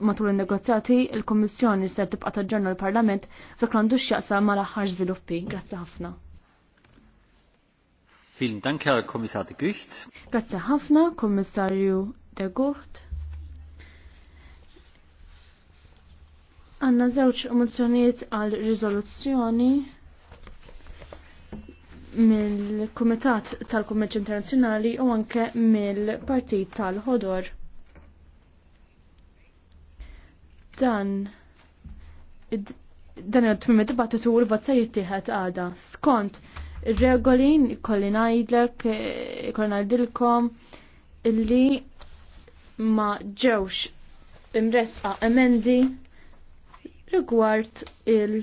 matul il-negozjati, il-Kommissjoni se tibqa' taġġorna l-Parlament f'dak għandu x'jaqsam mal-aħħar żviluppi. Grazzi ħafna. Vielen Dank, Herr Kommissar de Gucht. Grazzi ħafna, Kommissarju de Gucht. Anna żewġ mozzjonijiet għal riżoluzzjoni mill-Kumitat tal-Kummerċ Internazzjonali u anke mill-Partit tal-Ħodor. Dan dan il-tmim dibattitu u l-vot se jittieħed għada. Skont ir-regoli kolli ngħidlek, eh, kolli ngħidilkom li ma ġewx imresqa emendi rigward il-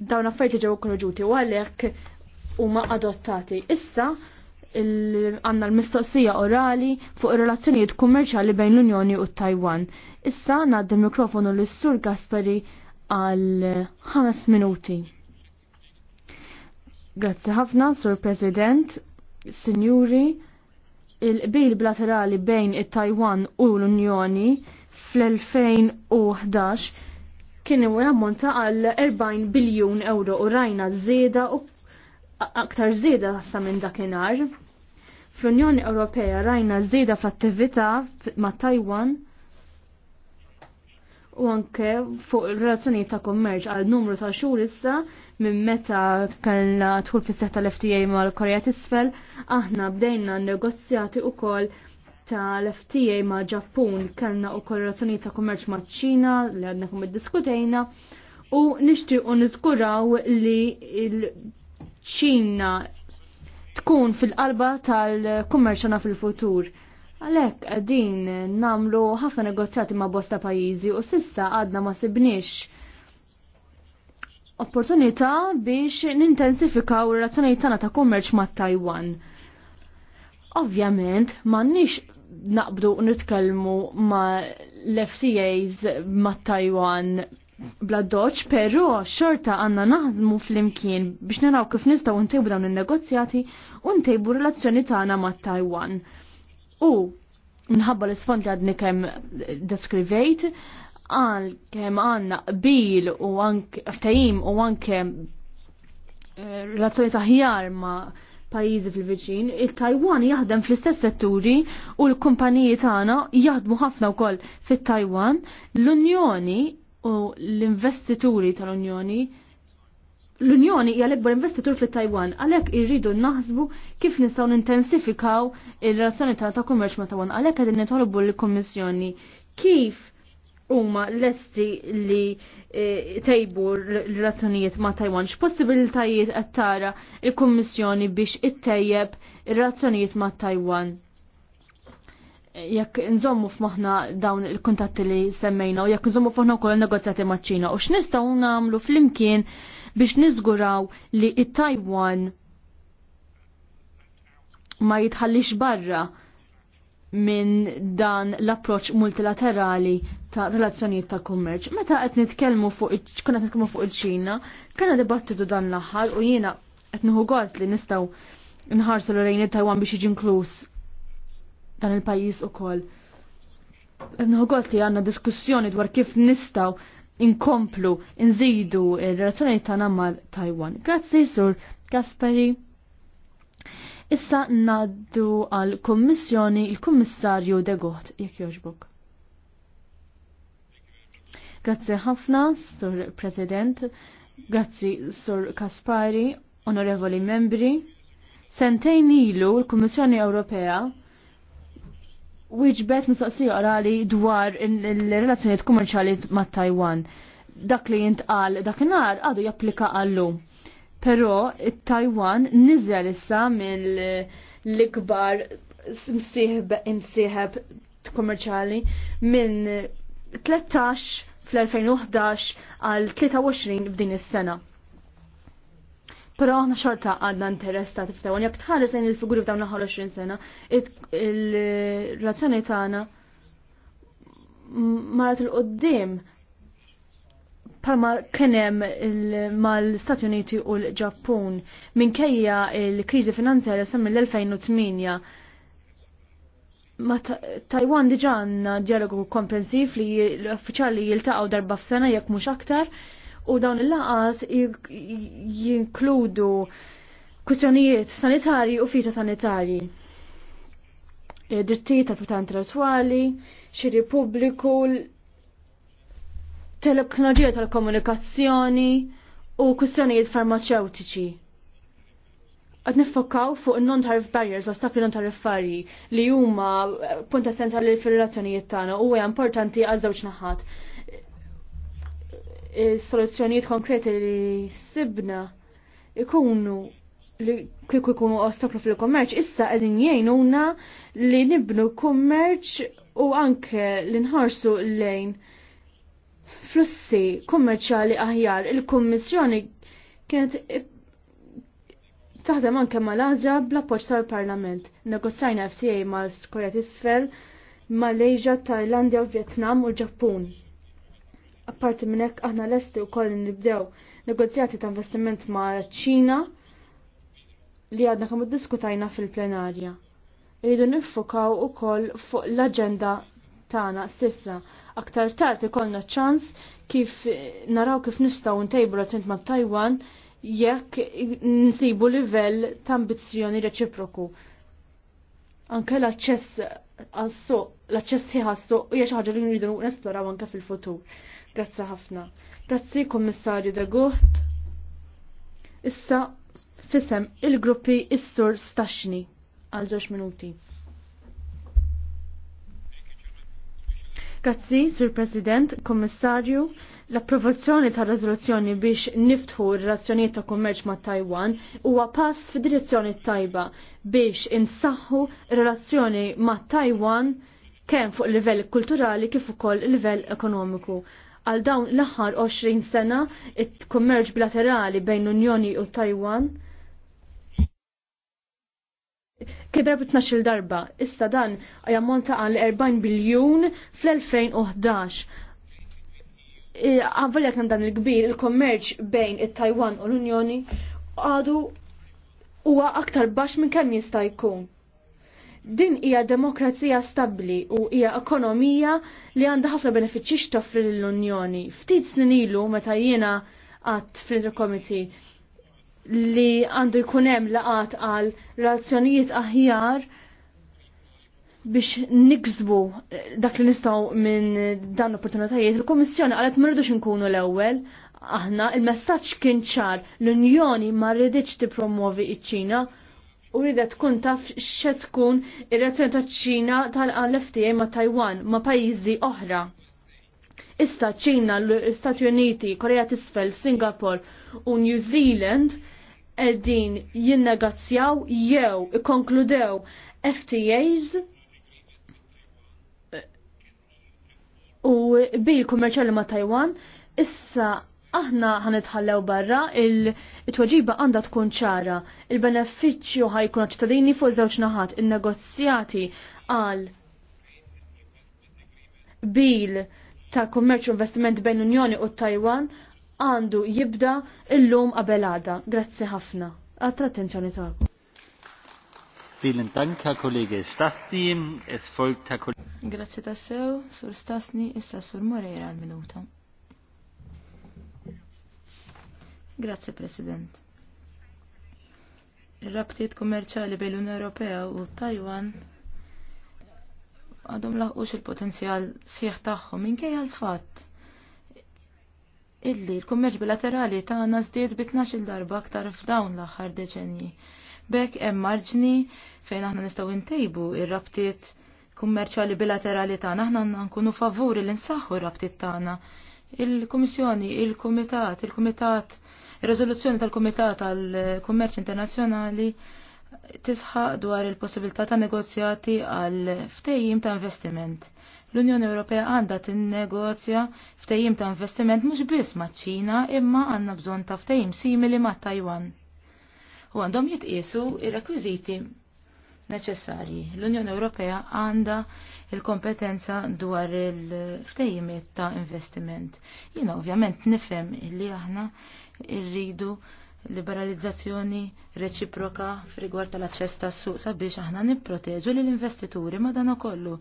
dawn affarijiet li ġew korroġuti u għalhekk huma adottati. Issa għanna l-mistoqsija orali fuq ir-relazzjonijiet kummerċali bejn l-Unjoni u Taiwan. Issa għaddi mikrofonu l-Sur Gasperi għal 5 minuti. Grazzi ħafna, Sur President, Sinjuri, il bil bilaterali bejn it-Taiwan u l-Unjoni fl-2011 kien huwa jammonta għal 40 biljun euro u rajna żieda u aktar żieda sa minn dakinhar. Fl-Unjoni Ewropea rajna żieda fl-attività ma' Taiwan u anke fuq il-relazzjoni ta' kummerċ għal numru ta' xhur issa minn meta kellna tħul fis seħħ tal-FTA mal-Korea isfel, aħna bdejna negozjati wkoll tal-FTA ma' Ġappun kellna wkoll relazzjoni ta' kummerċ ma' Ċina li għadna kum id-diskutejna. u nixtiequ niżguraw li il-ċina tkun fil-qalba tal-kummerċana fil-futur. Għalek, għadin namlu ħafna negozjati ma' bosta pajizi u sissa għadna ma' sibniex opportunità biex nintensifikaw ir-razzjonijiet tagħna ta' kummerċ ma' Taiwan. Ovvjament, m'għandniex naqbdu nitkellmu ma' l fcas ma' Taiwan bla doċ, pero xorta għanna naħdmu fl-imkien biex naraw kif nistaw ntejbu dawn il-negozjati u ntejbu relazzjoni tagħna ma' Taiwan. U nħabba l-isfond li għadni kem deskrivejt, għal kem għanna qbil u anke ftajim u anke eh, relazzjoni taħjar ma' pajizi fil-viċin, il-Taiwan jaħdem fl-istess setturi u l-kumpaniji tagħna jaħdmu ħafna wkoll fit-Taiwan. L-Unjoni u l-investituri tal-Unjoni l-Unjoni hija l ikbar investitur fit-Taiwan, għalhekk irridu naħsbu kif nistgħu nintensifikaw ir-relazzjoni tagħna ta' kummerċ ma' Taiwan, għalhekk qegħdin nitolbu l-Kummissjoni kif huma lesti li e, tejbu l-relazzjonijiet ma' Taiwan. X'possibilitajiet qed tara l-Kummissjoni biex ittejjeb ir-relazzjonijiet ma' Taiwan? jekk nżommu f'maħna dawn il-kuntatti li semmejna u jekk nżommu f'moħna kol negozjati maċ-Ċina u x'nistgħu nagħmlu flimkien biex niżguraw li it-Taiwan ma jitħallix barra minn dan l-approċ multilaterali ta' relazzjonijiet ta' kummerċ. Meta qed nitkellmu fuq kuna nitkellmu fuq il-Ċina, kellna dibattitu dan l-aħħar u jiena qed nieħu gost li nistgħu nħarsu l rejni taiwan biex jiġi inkluż dan il-pajis u koll. Nħogolti għanna diskussjoni dwar kif nistaw inkomplu, nżidu il-relazzjoni ta' namal taiwan Grazzi, Sur Gasperi. Issa naddu għal kommissjoni il-Kummissarju de Goht, jekk joġbuk. Grazzi ħafna, Sur President, grazzi Sur Kaspari, onorevoli membri. Sentejn ilu l-Kummissjoni Ewropea wieġbet mistoqsija orali dwar il-relazzjoniet kummerċali ma' Taiwan. Dak li jintqal dakinhar għadu japplika għallu. Però it-Taiwan niżel issa mill l-ikbar imsieħeb kummerċali minn 13 fl-2011 għal 23 f'din is-sena. Pero aħna xorta għadna interess ta' tiftaw, jek tħares lejn il-figuri f'dawn l 20 sena, il-razzjoni tagħna marat il-qoddim palma kienem mal-Stati Uniti u l-Ġappun minkejja il-kriżi finanzjarja sa l 2008 ma Taiwan diġa għanna dialogu komprensiv li l-uffiċjali jiltaqgħu darba f'sena jekk mhux aktar u dawn il-laqas jinkludu kwistjonijiet sanitarji u fiċa sanitarji. E, drittijiet tal-protan intellettuali, xiri pubbliku, teknoloġija tal-komunikazzjoni u kwistjonijiet farmaceutiċi għad niffokaw fuq non-tarif barriers, l-ostakli non-tariffarji li huma punt essenzjali fil-relazzjonijiet tagħna u hija importanti għal żewġ naħat soluzzjonijiet konkreti li sibna ikunu li kieku ikunu ostaklu fil-kommerċ, issa għedin jgħinuna li nibnu kummerċ u anke li nħarsu lejn flussi kummerċali aħjar. Il-Kummissjoni kienet taħdem anke mal-ħagġa bl-appoċ tal-Parlament. Negozzajna FTA mal-Korea Tisfel, Malaysia, Tajlandja u Vietnam u l-Ġappun. Apparti minn hekk aħna lesti wkoll nibdew negozjati ta' investiment ma' ċina li għadna kemm diskutajna fil-plenarja. Iridu niffokaw ukoll fuq l-aġenda tagħna sissa. Aktar tard ikollna ċans kif naraw kif nistgħu ntejbu l-attint ma' Taiwan jekk nsibu livell ta' ambizzjoni reċiproku. Anke l-aċċess għas-suq, l-aċċess ħi għas-suq hija xi ħaġa li nridu nesploraw anke fil-futur. Grazzi ħafna. Grazzi Kommissarju de Goht. Issa fisem il-gruppi Istur Staxni għal ġoċ minuti. Grazzi, Sur President, Kommissarju, l-approvazzjoni ta' rezoluzzjoni biex niftħu r-relazzjonijiet ta' kummerċ ma' Taiwan huwa pass fid-direzzjoni tajba biex insaħħu relazzjoni ma' Taiwan kemm fuq livell kulturali kif ukoll livell ekonomiku għal dawn l-aħħar 20 sena it-kummerġ bilaterali bejn l-Unjoni u Taiwan kibra b darba. Issa dan jammonta għal 40 biljun fl-2011. Għavallja kan dan il-kbir il-kommerċ bejn it-Taiwan u l-Unjoni għadu huwa aktar baxx minn kemm jista' jkun. Din hija demokrazija stabbli u hija ekonomija li għandha ħafna benefiċċji xtoffri l-Unjoni. Ftit snin ilu meta jiena għadd fl Committee li għandu jkun hemm laqat għal relazzjonijiet aħjar biex niksbu eh, dak li nistgħu minn dan l-opportunitajiet. Il-Kummissjoni qalet ma rridux inkunu l-ewwel, aħna il-messaġġ kien ċar l-Unjoni ma rridx tippromovi iċ-Ċina u rida tkun taf xe tkun ir-reazzjoni taċ-Ċina tal-FTA ma' Taiwan ma' pajjiżi oħra. Ista ċina, l-Stati Uniti, Korea Tisfel, Singapore u New Zealand eddin jinnegazzjaw jew ikonkludew FTAs u bil kummerċali ma' Taiwan issa aħna ħanitħallew barra, il-tweġiba għandha tkun ċara, il-benefiċċju ħajkun ċittadini fuq żewġ naħat, in-negozjati għal bil ta' kummerċ investiment bejn unjoni u Taiwan għandu jibda illum qabelada. Grazzi ħafna. Għatra attenzjoni ta' Vielen Dank, Herr Kollege Stasni. Es folgt Herr Kollege. Grazie sew, Sur Stasni, issa Sur Moreira għal-minuta. Grazzi, President. Ir-rabtiet kummerċjali bejn l-Unjoni Ewropea u Taiwan għadhom laħqux il-potenzjal sieħ tagħhom minkejja l-fatt illi l-kummerċ bilaterali tagħna żdied bi il darba aktar f'dawn l-aħħar deċenji. Bekk hemm marġni fejn aħna nistgħu ntejbu ir-rabtiet kummerċali bilaterali tagħna aħna nkunu favuri li nsaħħu r-rabtiet tagħna il-Kummissjoni, il-Kumitat, il-Kumitat Il-rezoluzzjoni tal-Kumitat tal-Kummerċ Internazzjonali tisħaq dwar il-possibilità ta' negozjati għal ftejjim ta' investiment. L-Unjoni Ewropea għandha tinnegozja ftejjim ta' investiment mhux biss maċ-Ċina imma għandna bżonn ta' ftejjim simili ma' Taiwan. U għandhom jitqiesu ir-rekwiżiti neċessarji. L-Unjoni Ewropea għandha il-kompetenza dwar il-ftejjimiet ta' investiment. Jina ovvjament nifhem li aħna irridu liberalizzazzjoni reċiproka f'rigward tal-aċċess tas-suq sabiex aħna nipproteġu lill investituri dan kollu.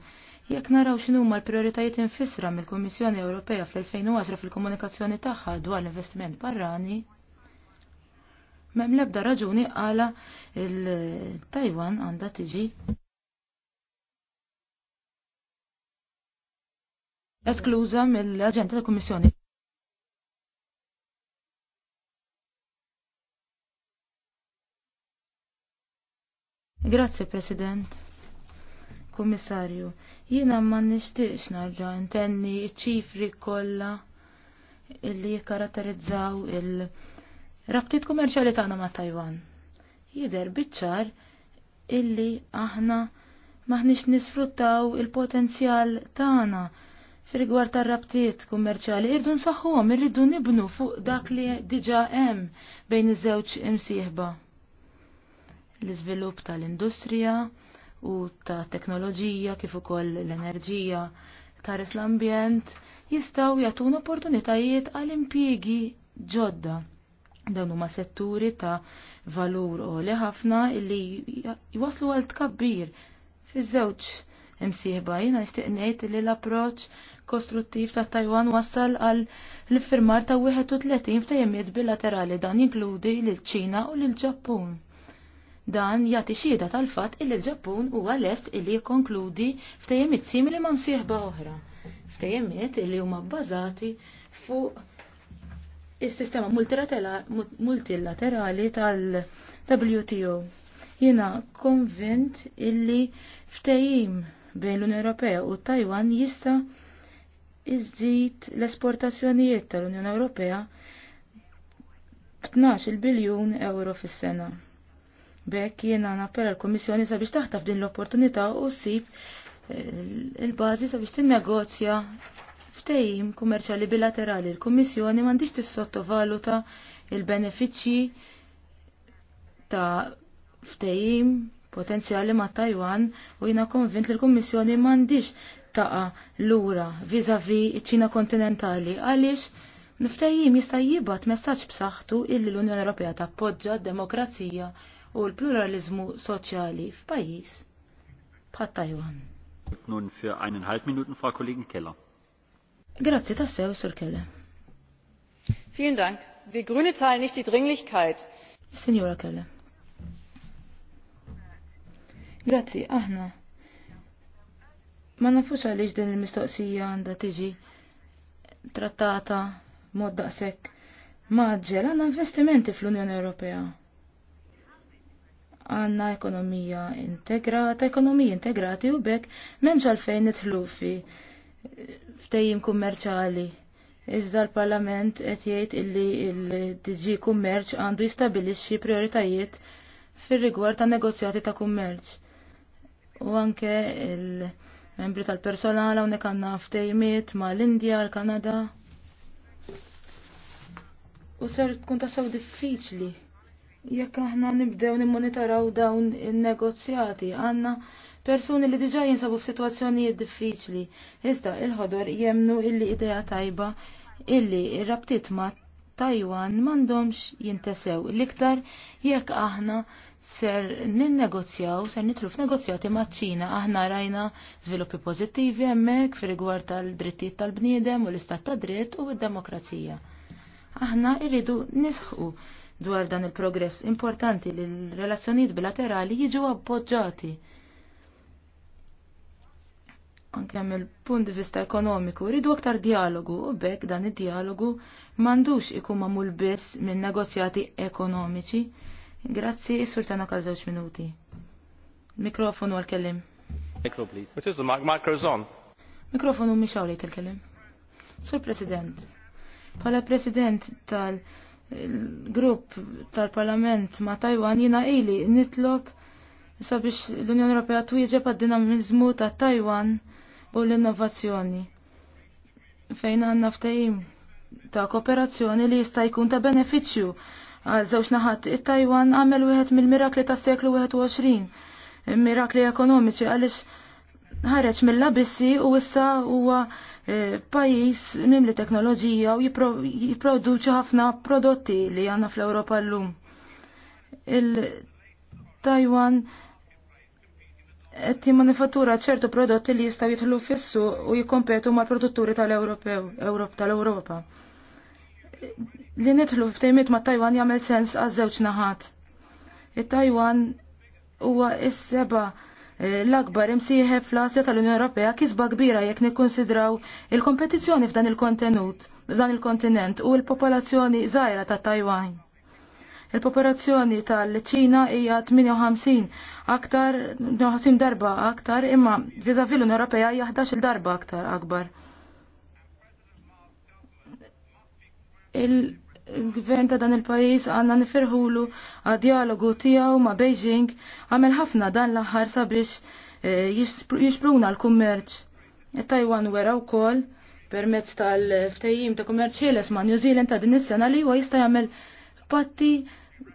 Jekk naraw x'inhu l-prijoritajiet infisra mill-Kummissjoni Ewropea fl-2010 fil-komunikazzjoni tagħha dwar l-investiment barrani, m'hemm l-ebda raġuni għala il-Taiwan għandha tiġi eskluża mill-aġenda tal-Kummissjoni. Grazzi, President. Kummissarju, jiena ma nishtiqx narġa' intenni ċifri kollha illi jikkaratterizzaw il-rabtiet kummerċjali tagħna ma' Taiwan. Jider biċ-ċar illi aħna maħniex nisfruttaw il-potenzjal tagħna fil-rigward tar-rabtiet kummerċjali irdu nsaħħuhom irridu nibnu fuq dak li diġà hemm bejn iż-żewġ imsieħba l-iżvilupp tal-industrija u ta' teknoloġija kif ukoll l-enerġija tares l-ambjent jistgħu jagħtun opportunitajiet għal impjiegi ġodda. Dawn huma setturi ta' valur li ħafna illi jwaslu għal tkabbir fiż-żewġ imsieħba jiena nixtieq ngħid li l-approċċ kostruttiv ta' Taiwan wassal għal l-iffirmar ta' 31 f'tajemiet bilaterali dan jinkludi lil ċina u lil Ġappun. Dan jagħti xieda tal-fatt illi l-Ġappun huwa lest illi jikkonkludi ftejjemiet simili ma' msieħba oħra. Ftejjemiet illi huma bbażati fuq is-sistema multilaterali tal-WTO. Jiena konvint illi ftejjim bejn l-Unjoni Ewropea u Taiwan jista' iżżid l-esportazzjonijiet tal-Unjoni Ewropea b'12 biljun euro fis-sena. Bekk jiena nappella l-Kummissjoni sabiex taħtaf din l-opportunità u ssib il-bażi eh, sabiex tinnegozja ftehim kummerċjali bilaterali. L-Kummissjoni m'għandix tissottovaluta il-benefiċċji ta' ftehim potenzjali ma' Taiwan u jiena konvint li l-Kummissjoni m'għandix taqa' lura viżavi iċ ċina kontinentali għaliex Niftejjim jista' jibgħat messaġġ b'saħħtu illi l-Unjoni Ewropea tappoġġa d-demokrazija u l-pluralizmu soċjali f'pajjiż bħat Taiwan. Nun fir für eineinhalb Minuten Frau Kollegin Keller. Grazie, tassew, Sur Keller. Vielen Dank. Wir Grüne teilen nicht die Dringlichkeit. Signora Keller. Grazie, aħna. Ma nafux għalix din il-mistoqsija għanda tiġi trattata modda sekk. maġġel għanna investimenti fl-Unjoni Ewropea għanna ekonomija integrata, ekonomija integrati u bekk memx għalfejn nitħlu fi ftejjim kummerċali. Iżda l-Parlament qed jgħid illi l-DG Kummerċ għandu jistabilixxi prioritajiet fir-rigward ta' negozjati ta' kummerċ. U anke il-membri tal-personal hawnhekk għandna ftejmiet mal-Indja, l-Kanada. U ser tkun tassew diffiċli Jekk aħna nibdew nimmonitoraw dawn in-negozjati, għandna persuni li diġa jinsabu f'sitwazzjonijiet diffiċli. Iżda il-ħodor jemnu illi idea tajba illi ir-rabtiet ma' Taiwan mandomx jintesew l-iktar jekk aħna ser ninnegozjaw, ser nitru f'negozjati ma' ċina aħna rajna żviluppi pożittivi hemmhekk fir-rigward tal-drittijiet tal-bniedem u l-istat ta' dritt u d-demokrazija. Aħna irridu nisħu dwar dan il-progress importanti li l-relazzjonijiet bilaterali jiġu appoġġati. Anke mill punt di vista ekonomiku, ridu aktar dialogu u bekk dan id-dialogu mandux ikun mamul biss minn negozjati ekonomiċi. Grazzi, Sur Tanaka żewġ minuti. Mikrofonu għal-kellim. Mikro, please. Which is the mic microphone? Mikrofonu tal-kellim. Sur President, pala President tal- il-grupp tal-Parlament ma' Taiwan jina ili nitlob sabiex l-Unjoni Ewropea twieġeb għad-dinamizmu ta' Taiwan u l-innovazzjoni. Fejn għanna ftehim ta' kooperazzjoni li jista' jkun ta' beneficju għal żewġ naħat it-Taiwan għamel wieħed mill-mirakli tas seklu 21, mirakli ekonomiċi għaliex ħareġ mill-abissi u issa huwa Eh, pajis nimli teknoloġija u jiproduċi ħafna prodotti li għanna fl-Europa l-lum. Il-Taiwan qed manifattura ċertu prodotti li jistaw jitħlu fissu u jikompetu mal produtturi tal-Europa. Tal -Europa. li nitħlu ftejmiet ma' Taiwan jagħmel sens għaż żewġ naħat. Il-Taiwan huwa is-seba' l-akbar imsieħeb fl-Asja tal-Unjoni Ewropea kisba kbira jekk nikkonsidraw il-kompetizzjoni f'dan il-kontenut, f'dan il-kontinent u l-popolazzjoni żgħira ta' Taiwan. Il-popolazzjoni tal-Ċina hija 58 aktar, 58 darba aktar, imma viża l-Unjoni Ewropea hija 11 darba aktar akbar. Il il-gvern ta' dan il-pajis għanna nifirħulu għad dialogu tijaw ma' Beijing għamel ħafna dan l-aħħar sabiex eh, jispruna l-kummerċ. E Taiwan wera u kol permezz tal ftajim ta' kummerċ ħieles ma' New Zealand ta' din is-sena li huwa jista' jagħmel patti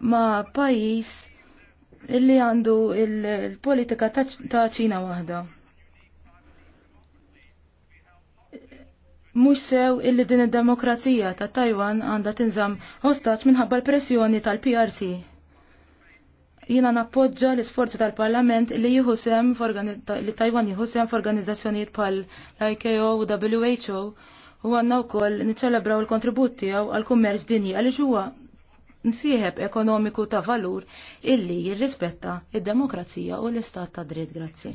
ma' pajis illi għandu il-politika ta' ċina waħda. mhux sew illi din id-demokrazija ta' Taiwan għandha tinżamm ostaċ minħabba l-pressjoni tal-PRC. Jiena nappoġġa l-isforzi tal-Parlament li jihusem li Taiwan jieħu f'organizzazzjonijiet bħal IKO u WHO u u koll niċelebraw il-kontribut tiegħu għall-kummerċ dinji għaliex huwa nsieħeb ekonomiku ta' valur illi jirrispetta id-demokrazija u l-istat ta' dritt. Grazzi.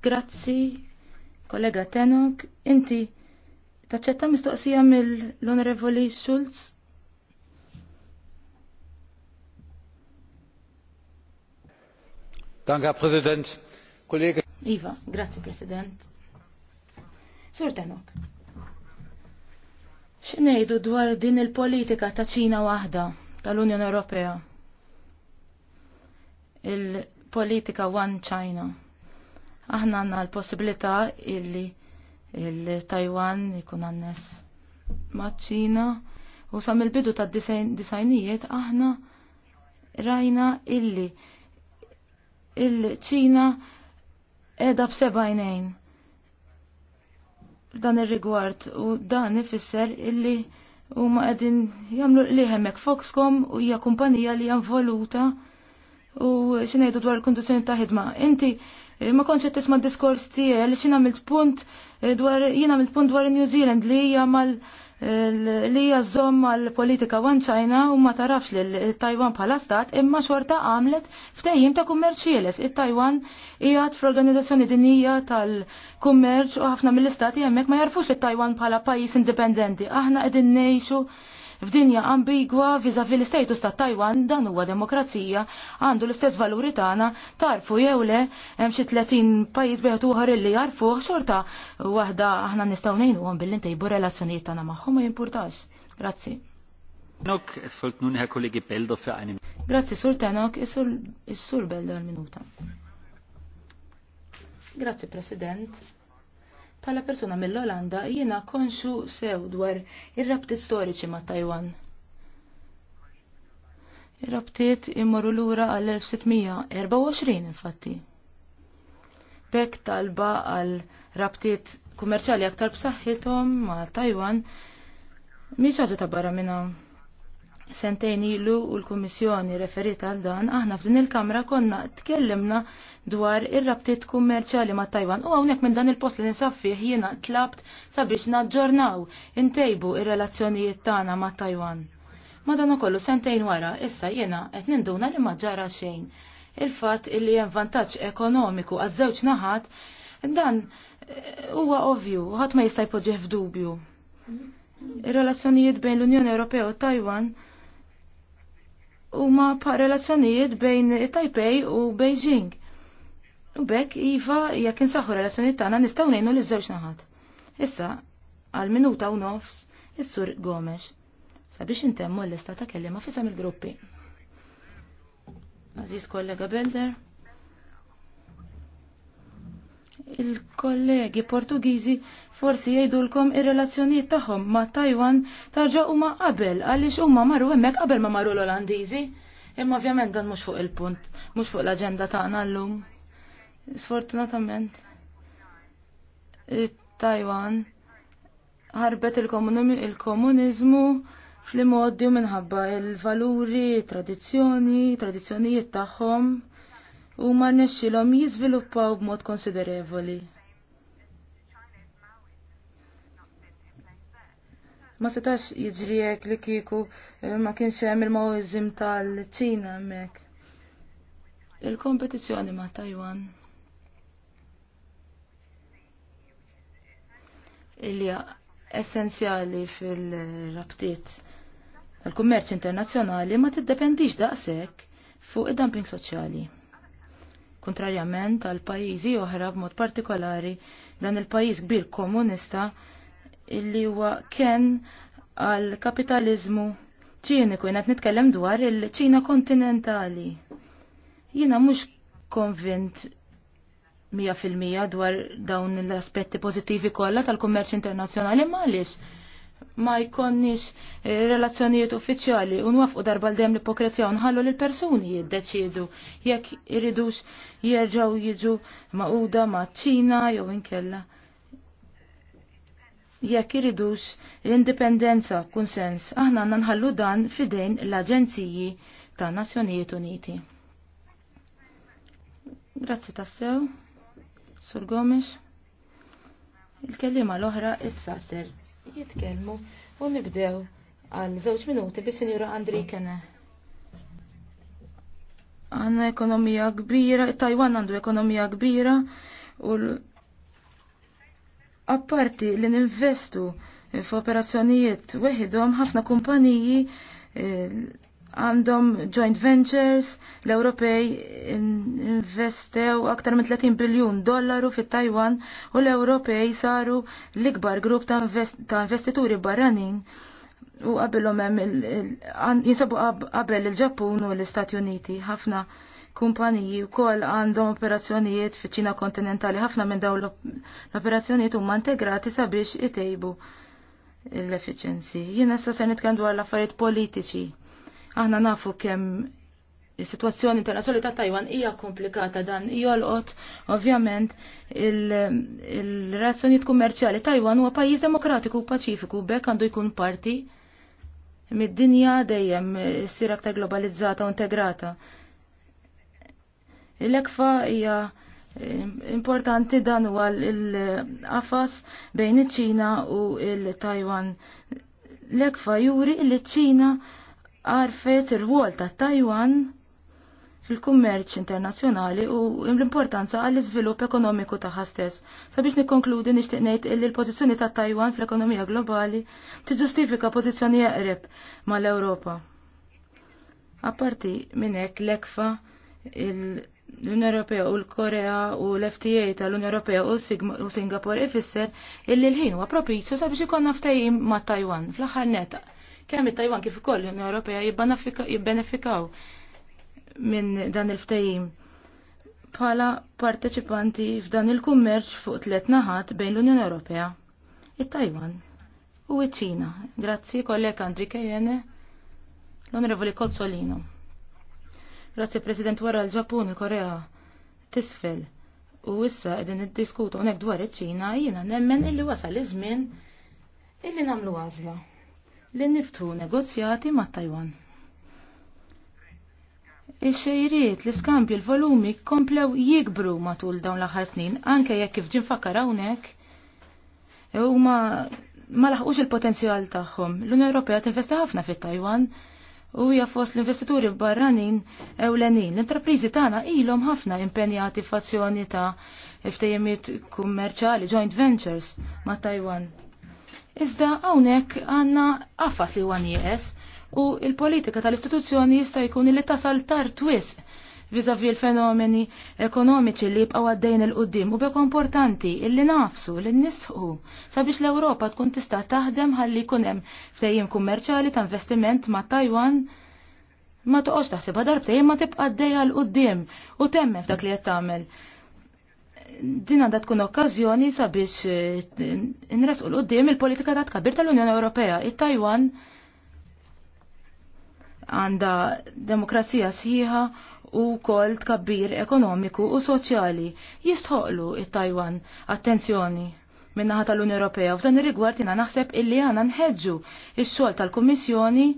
Grazzi Kollega Tenok, inti taċċetta mistoqsija mill-Onorevoli Schulz? Danka, President. Kollega. Iva, grazie, President. Sur Tenok. Xinejdu dwar din il-politika ta' Ċina waħda tal-Unjoni Ewropea? Il-politika One China. Aħna għanna l-possibilità illi il-Taiwan ikun għannes maċċina u sam il-bidu ta' disajnijiet aħna rajna illi il-ċina edha b'sebajnejn dan ir-rigward u dan ifisser illi u ma qegħdin jagħmlu liħemek Foxcom u hija kumpanija li hija involuta u xinajdu dwar il-kondizzjoni ta' ħidma. Inti Eh, ma konċi qed tisma' diskors tiegħi għaliex xina għamilt punt eh, dwar jiena għamilt punt dwar New Zealand li hija mal eh, li hija żomm mal-politika One China u ma tarafx li Taiwan bħala stat imma xorta għamlet ftejjim ta' kummerċieles. Il-Taiwan jgħat fl-Organizzazzjoni Dinija tal-Kummerċ u ħafna mill-istati hemmhekk ma jarfux li Taiwan bħala pajjiż indipendenti. Aħna qegħdin ngħixu F'dinja ambigwa viza fil istatus ta' Taiwan dan huwa demokrazija għandu l-istess valuri tagħna tarfu jew le hemm xi 30 pajjiż bejgħet uħar illi jarfu xorta waħda aħna nistgħu ngħinuhom billi ntejbu relazzjonijiet tagħna magħhom ma jimpurtax. Grazzi. Nok, folgt nun Herr Kollege Beldo für einen. Grazie, Sur Tenok, is-Sur al minuta. Grazie, President bħala persona mill-Olanda jiena konxu sew dwar ir-rabti storiċi ma' Taiwan. Ir-rabtiet immorru lura għall-1624 infatti. Bekk talba għal rabtiet kummerċali aktar b'saħħithom ma' Taiwan mhix ta' barra minn sentejn ilu u l-Kummissjoni referita għal dan, aħna f'din il-Kamra konna tkellimna dwar ir-rabtiet kummerċjali ma' Taiwan u hawnhekk minn dan il-post li ninsab fih jiena tlabt sabiex naġġornaw intejbu ir-relazzjonijiet tagħna ma' Taiwan. Madanakollu sentejn wara, issa jiena qed ninduna li ma ġara xejn. Il-fatt illi hemm vantaġġ ekonomiku għaż-żewġ naħat, dan eh, huwa ovvju, ħadd ma jista' jpoġġih f'dubju. Ir-relazzjonijiet bejn l-Unjoni Ewropea u Taiwan huma pa' relazzjonijiet bejn Taipei u Beijing. U bekk iva jekk insaħħu relazzjonijiet tagħna nistgħu ngħinu li żewġ naħat. Issa għal minuta u nofs is-sur Gomes sabiex intemmu l-lista ta' kellima fisem il-gruppi. Aziz kollega Belder. Il-kollegi Portugiżi forsi jgħidulkom ir-relazzjonijiet tagħhom ma' Taiwan tarġa' huma qabel għaliex huma marru hemmhekk qabel ma marru l-Olandiżi. Imma ovvjament dan mhux fuq il-punt, mhux fuq l-aġenda tagħna llum. Sfortunatament Taiwan ħarbet il-komuniżmu fl-imoddi minħabba il-valuri, tradizzjoni, tradizzjonijiet tagħhom u ma nesċilom jiżviluppaw b'mod konsiderevoli. Ma setax jġrijek li kiku eh, ma kienx hemm il-mawizim tal-Ċina hemmhekk. Il-kompetizzjoni ma' Taiwan. Ilja essenzjali fil-rabtiet tal-kummerċ internazzjonali ma tiddependix daqshekk fuq id-dumping soċjali kontrarjament għal pajjiżi oħra b'mod partikolari dan il-pajjiż kbir komunista illi huwa ken għal kapitalizmu ċiniku qed nitkellem dwar il-ċina kontinentali. Jiena mhux konvint 100% dwar dawn l-aspetti pożittivi kollha tal-kummerċ internazzjonali ma għaliex ma jkonniex eh, relazzjonijiet uffiċjali u nwafqu darba l dem l-ipokrezija u nħallu l-persuni jiddeċidu jekk iridux jerġaw jiġu Uda, ma' ċina jew inkella. Jekk iridux l-indipendenza kunsens, aħna nħallu dan fidejn l-Aġenziji ta' Nazzjonijiet Uniti. Grazzi tassew, Sur Gomes. Il-kellima l-oħra issa ser jitkellmu u nibdew għal żewġ minuti bis sinjura Andri Kene. Għanna ekonomija kbira, Taiwan għandu ekonomija kbira u apparti li ninvestu f'operazzjonijiet weħidhom ħafna kumpaniji eh, għandhom joint ventures, l-Ewropej investew aktar minn 30 biljun dollaru fit taiwan u l-Ewropej saru l-ikbar grupp ta', invest ta investituri barranin u qabilhom hemm jinsabu qabel il-Ġappun u l-Istati Uniti ħafna kumpaniji wkoll għandhom operazzjonijiet fiċ-Ċina kontinentali ħafna minn dawn l-operazzjonijiet huma integrati sabiex itejbu l efficienzi Jina issa se nitkellem dwar l-affarijiet politiċi Aħna nafu kemm is-sitwazzjoni internazzjonali ta' Taiwan hija komplikata dan jolqot ovvjament il-relazzjonijiet kummerċjali Taiwan huwa pajjiż demokratiku u paċifiku bekk għandu jkun parti mid-dinja dejjem issir aktar globalizzata u integrata. Il-ekfa hija eh, importanti dan huwa l-qafas bejn iċ-Ċina u l-Taiwan. L-ekfa juri li ċ-Ċina għarfet ir-rwol ta' Taiwan fil-kummerċ internazzjonali u l-importanza għall iżvilupp ekonomiku tagħha stess. Sabiex nikkonkludi nixtieq ngħid illi l-pożizzjoni ta' Taiwan fl-ekonomija globali tiġġustifika pożizzjoni eqreb mal-Ewropa. Apparti minn hekk l-ekfa l-Unjoni Ewropea u l-Korea u l-FTA tal-Unjoni Ewropea u Singapore ifisser illi l-ħin huwa propizju sabiex ikonna ftehim ma' Taiwan fl-aħħar netta kemm it-Tajwan kif ukoll l-Unjoni Ewropea jibbenefikaw minn dan il-ftehim bħala parteċipanti f'dan il-kummerċ fuq tliet naħat bejn l-Unjoni Ewropea, it-Tajwan u iċ-Ċina. Grazzi kollek Andri Kejene, l-Onorevoli Kozzolino. Grazzi President wara l-Ġappun, il-Korea, tisfel. U issa qegħdin niddiskutu hawnhekk dwar iċ-Ċina jiena nemmen illi wasal iż-żmien illi nagħmlu għażla li niftu negozjati ma' Taiwan. Ix-xejriet li skambju l-volumi komplew jikbru matul dawn l-aħħar snin, anke jekk kif ġin fakkar hawnhekk huma ma laħqux il-potenzjal tagħhom. L-Unjoni Ewropea tinvesti ħafna fit-Taiwan u hija fost l-investituri barranin ewlenin. L-intrapriżi tagħna ilhom ħafna impenjati f'azzjoni ta' ftejjemiet kummerċali, joint ventures ma' Taiwan Iżda hawnhekk għandna qafas li huwa nieqes u l-politika tal-istituzzjoni jista' jkun li tasal tar twis vizavi l-fenomeni ekonomiċi li jibqgħu għaddejn il-qudiem u bekk importanti illi nafsu li nisħu sabiex l-Ewropa tkun tista' taħdem ħalli jkun hemm ftehim kummerċjali ta' investiment ma' Taiwan ma toqgħodx taħsibha darbtejn ma tibqa' għaddejja l-qudiem u temmef dak li qed tagħmel din għandha tkun okkażjoni sabiex inresqu eh, l il-politika ta' tkabbir tal-Unjoni Ewropea. Il-Taiwan għandha demokrazija sħiħa u kol tkabbir ekonomiku u soċjali. Jistħoqlu il-Taiwan attenzjoni minnaħa tal-Unjoni Ewropea u f'dan ir-rigward jiena naħseb illi għandna nħeġġu ix-xogħol tal-Kummissjoni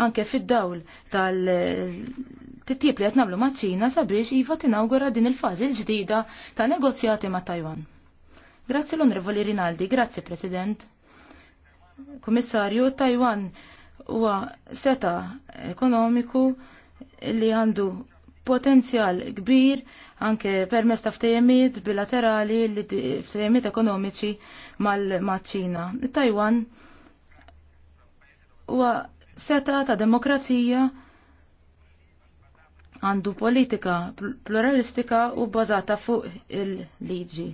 anke fid-dawl tal-titjib li qed nagħmlu maċ-Ċina sabiex iva tinawgura din il-fażi l-ġdida ta' negozjati ma' Taiwan. Grazzi l-Onorevoli Rinaldi, grazzi President. Kummissarju, Taiwan huwa seta ekonomiku li għandu potenzjal kbir anke permess ta' ftejemiet bilaterali li ftejemiet ekonomiċi mal-ċina. Taiwan huwa seta ta' demokrazija għandu politika pluralistika u bbażata fuq il-liġi.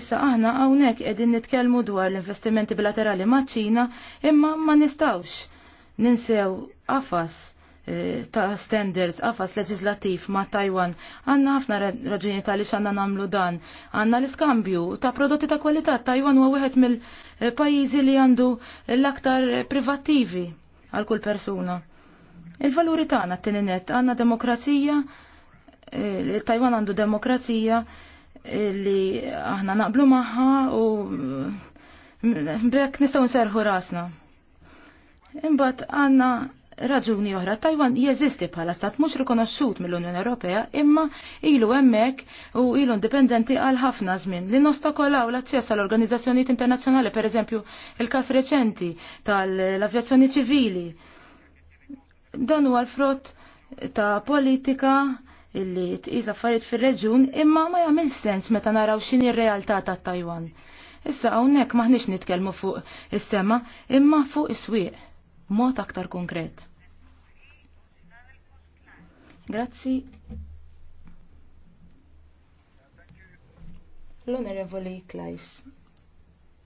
Issa aħna hawnhekk qegħdin nitkellmu dwar l-investimenti bilaterali maċ-Ċina imma ma nistawx ninsew qafas eh, ta' standards, qafas leġislattiv ma' Taiwan. Għanna ħafna raġuni tal għanna namlu dan. Għanna l-iskambju ta' prodotti ta' kwalità. Taiwan huwa wieħed mill-pajjiżi eh, li għandu l-aktar privattivi għal kull persuna. Il-valuri tagħna t-tieni net għandna demokrazija, eh, tajwan għandu demokrazija eh, li aħna naqblu maħħa u eh, bekk nistgħu nserħu rasna. Imbagħad għandna raġuni oħra, Taiwan jeżisti bħala stat mhux rikonoxxut mill-Unjoni Ewropea imma ilu hemmhekk u ilu indipendenti għal ħafna żmien li nostakolaw l-aċċess għal organizzazzjonijiet internazzjonali, pereżempju il-każ reċenti tal-avjazzjoni ċivili. Dan huwa l-frott ta' politika illi tqis affarijiet fir reġun imma ma jagħmel sens meta naraw x'inhi r-realtà tat-Tajwan. Issa hawnhekk maħniex nitkellmu fuq is-sema imma fuq is-swieq mod aktar konkret. Grazzi. L-Onorevoli Klajs.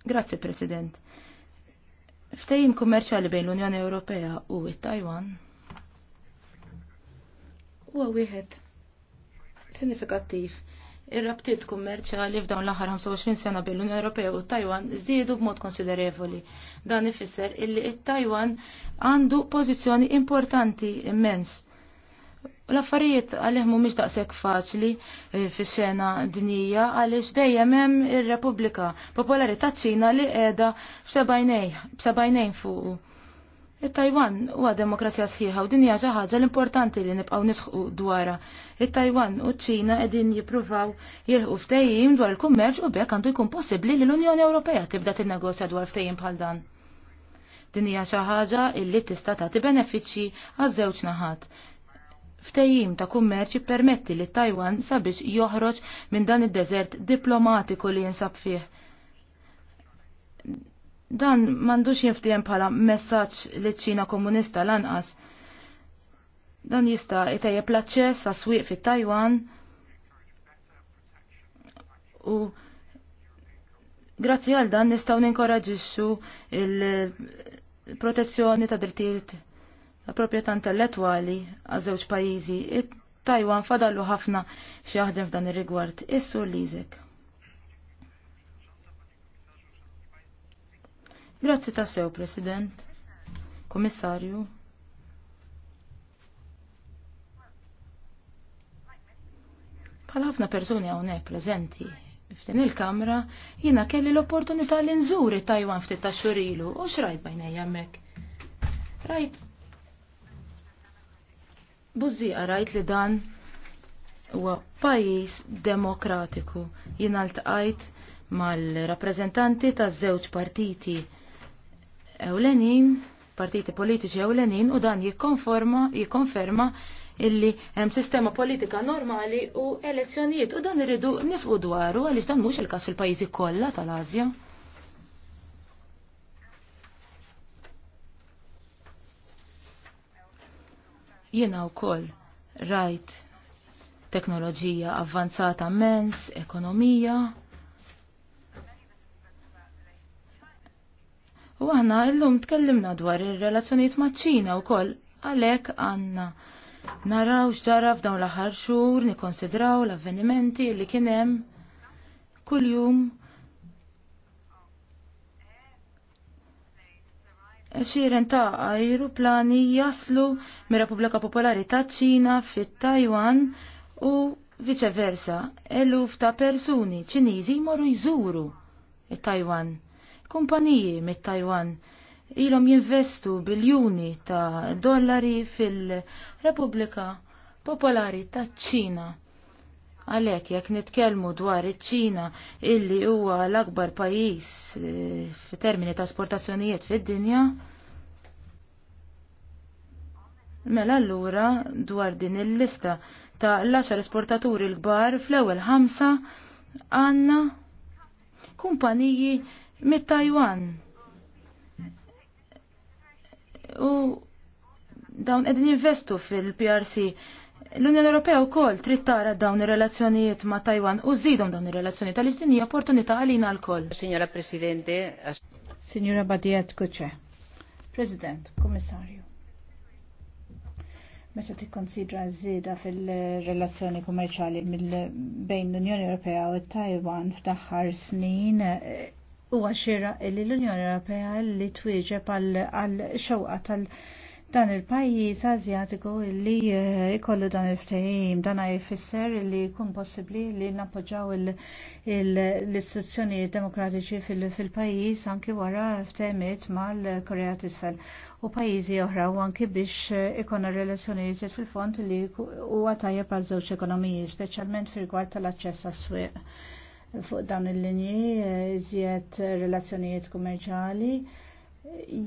Grazzi, President. Ftejim kummerċali bejn l-Unjoni Ewropea u it-Taiwan huwa wieħed sinifikattiv Ir-rabtiet kummerċjali f'dawn l-aħħar 25 sena bil-Unjoni Ewropea u Taiwan żdiedu b'mod konsiderevoli. Dan ifisser illi it-Taiwan għandu pożizzjoni importanti immens. L-affarijiet għalih mhumiex daqshekk faċli eh, fix-xena dinija għaliex dejjem hemm ir-Repubblika Popolari taċ-Ċina li qiegħda b'sebajnejn fuq Il-Taiwan huwa demokrazija sħiħa u din hija xi ħaġa l-importanti li nibqgħu nisħu dwarha. Il-Taiwan u ċ-Ċina qegħdin jippruvaw jilħu ftehim dwar il-kummerċ u bekk għandu jkun possibbli li l-Unjoni Ewropea tibda tinnegozja dwar ftehim bħal dan. Din hija xi ħaġa li tista' tagħti benefiċċji għaż-żewġ naħat. Ftejim ta' kummerċ permetti li Taiwan sabiex joħroġ minn dan id-deżert diplomatiku li jinsab fih Dan mandux jiftijem bħala messaċ li ċina komunista lanqas. Dan jista' jtejjeb l-aċċess għas swieq fit-Tajwan u grazzi għal dan nistgħu ninkoraġixxu il-protezzjoni ta' drittijiet ta' proprjetà intellettwali għaż-żewġ pajjiżi. Tajwan fadallu ħafna xi jaħdem f'dan ir-rigward. Issu liżek. Grazzi ta' sew, President. Komissarju. Bħal ħafna persuni hawnhekk prezenti f'din il-kamra, jiena kelli l-opportunità li nżuri Taiwan ftit ta' xurilu, u xrajt bajna hemmhekk. Rajt Bużija rajt li dan huwa pajjiż demokratiku. Jien altqajt mal-rappreżentanti taż-żewġ partiti ewlenin, partiti politiċi ewlenin u dan jikkonforma, jikkonferma illi hemm sistema politika normali u elezzjonijiet u dan irridu nisqu dwaru għaliex dan mhux il-każ fil-pajjiżi kollha tal-Asja. jiena wkoll rajt teknoloġija avvanzata mens, ekonomija, U aħna lum tkellimna dwar ir-relazzjonijiet maċ-Ċina wkoll għalhekk għandna naraw x'ġara f'dawn l-aħħar xhur, nikkonsidraw l-avvenimenti li kien hemm kuljum xiren ta' aeroplani jaslu mir Repubblika Popolari ta' ċina fit tajwan u viċeversa, eluf ta' persuni ċiniżi moru jżuru it-Tajwan. Kumpaniji mit-Taiwan ilhom jinvestu biljuni ta' dollari fil-Repubblika Popolari ta' ċina. Għalek, jek nitkelmu dwar iċ-ċina illi huwa l-akbar pajis eh, fi termini ta' sportazzjonijiet fid-dinja, Mela allura dwar din il-lista ta' l-10 esportaturi l-kbar fl-ewwel ħamsa għandna kumpaniji mit-Taiwan. U dawn edin jinvestu fil-PRC. L-Unjoni Ewropea wkoll trid tara dawn ir-relazzjonijiet ma' Taiwan u żidhom dawn ir-relazzjonijiet għaliex din hija opportunità għalina lkoll. Signora Presidente, Signora Badiet Kuċe, President, Kommissarju meta tikkonsidra żieda fil-relazzjoni kummerċjali bejn l-Unjoni Ewropea u t Taiwan f'daħħar snin eh, u għaxira li l-Unjoni Ewropea li twieġeb għal xewqa tal- dan il-pajjiż Azjatiku li jkollu eh, dan il-ftehim dan jfisser li jkun possibbli li nappoġġaw l-istituzzjoni demokratiċi fil-pajjiż anki wara ftehimiet mal-Korea t'isfel u pajjiżi oħra u anki biex eh, ikonna relazzjonijiet fil-fond li huwa tajjeb għal żewġ ekonomiji, speċjalment fil-gwar tal-aċċess għas-swieq fuq dawn il-linji eh, iżjed relazzjonijiet kummerċali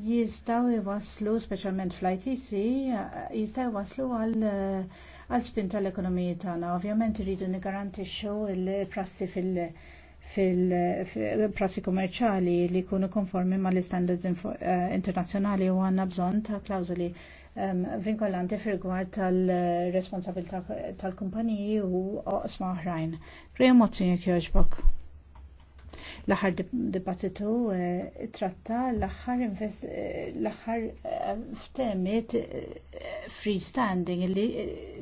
jistaw jwaslu, specialment fl-ITC, jistaw jwaslu għal eh, għal spin tal-ekonomiji tagħna. Ovvjament iridu nigarantixxu il-prassi fil- fil-prassi kummerċali li jkunu konformi mal istandards eh, internazzjonali u għandna bżonn ta' klawżoli vinkollanti fil-gwar tal-responsabilta tal-kumpaniji u oqsma oħrajn. Graham Watson kjoġbok. L-aħħar dibattitu eh, tratta l-aħħar eh, eh, f'temiet freestanding li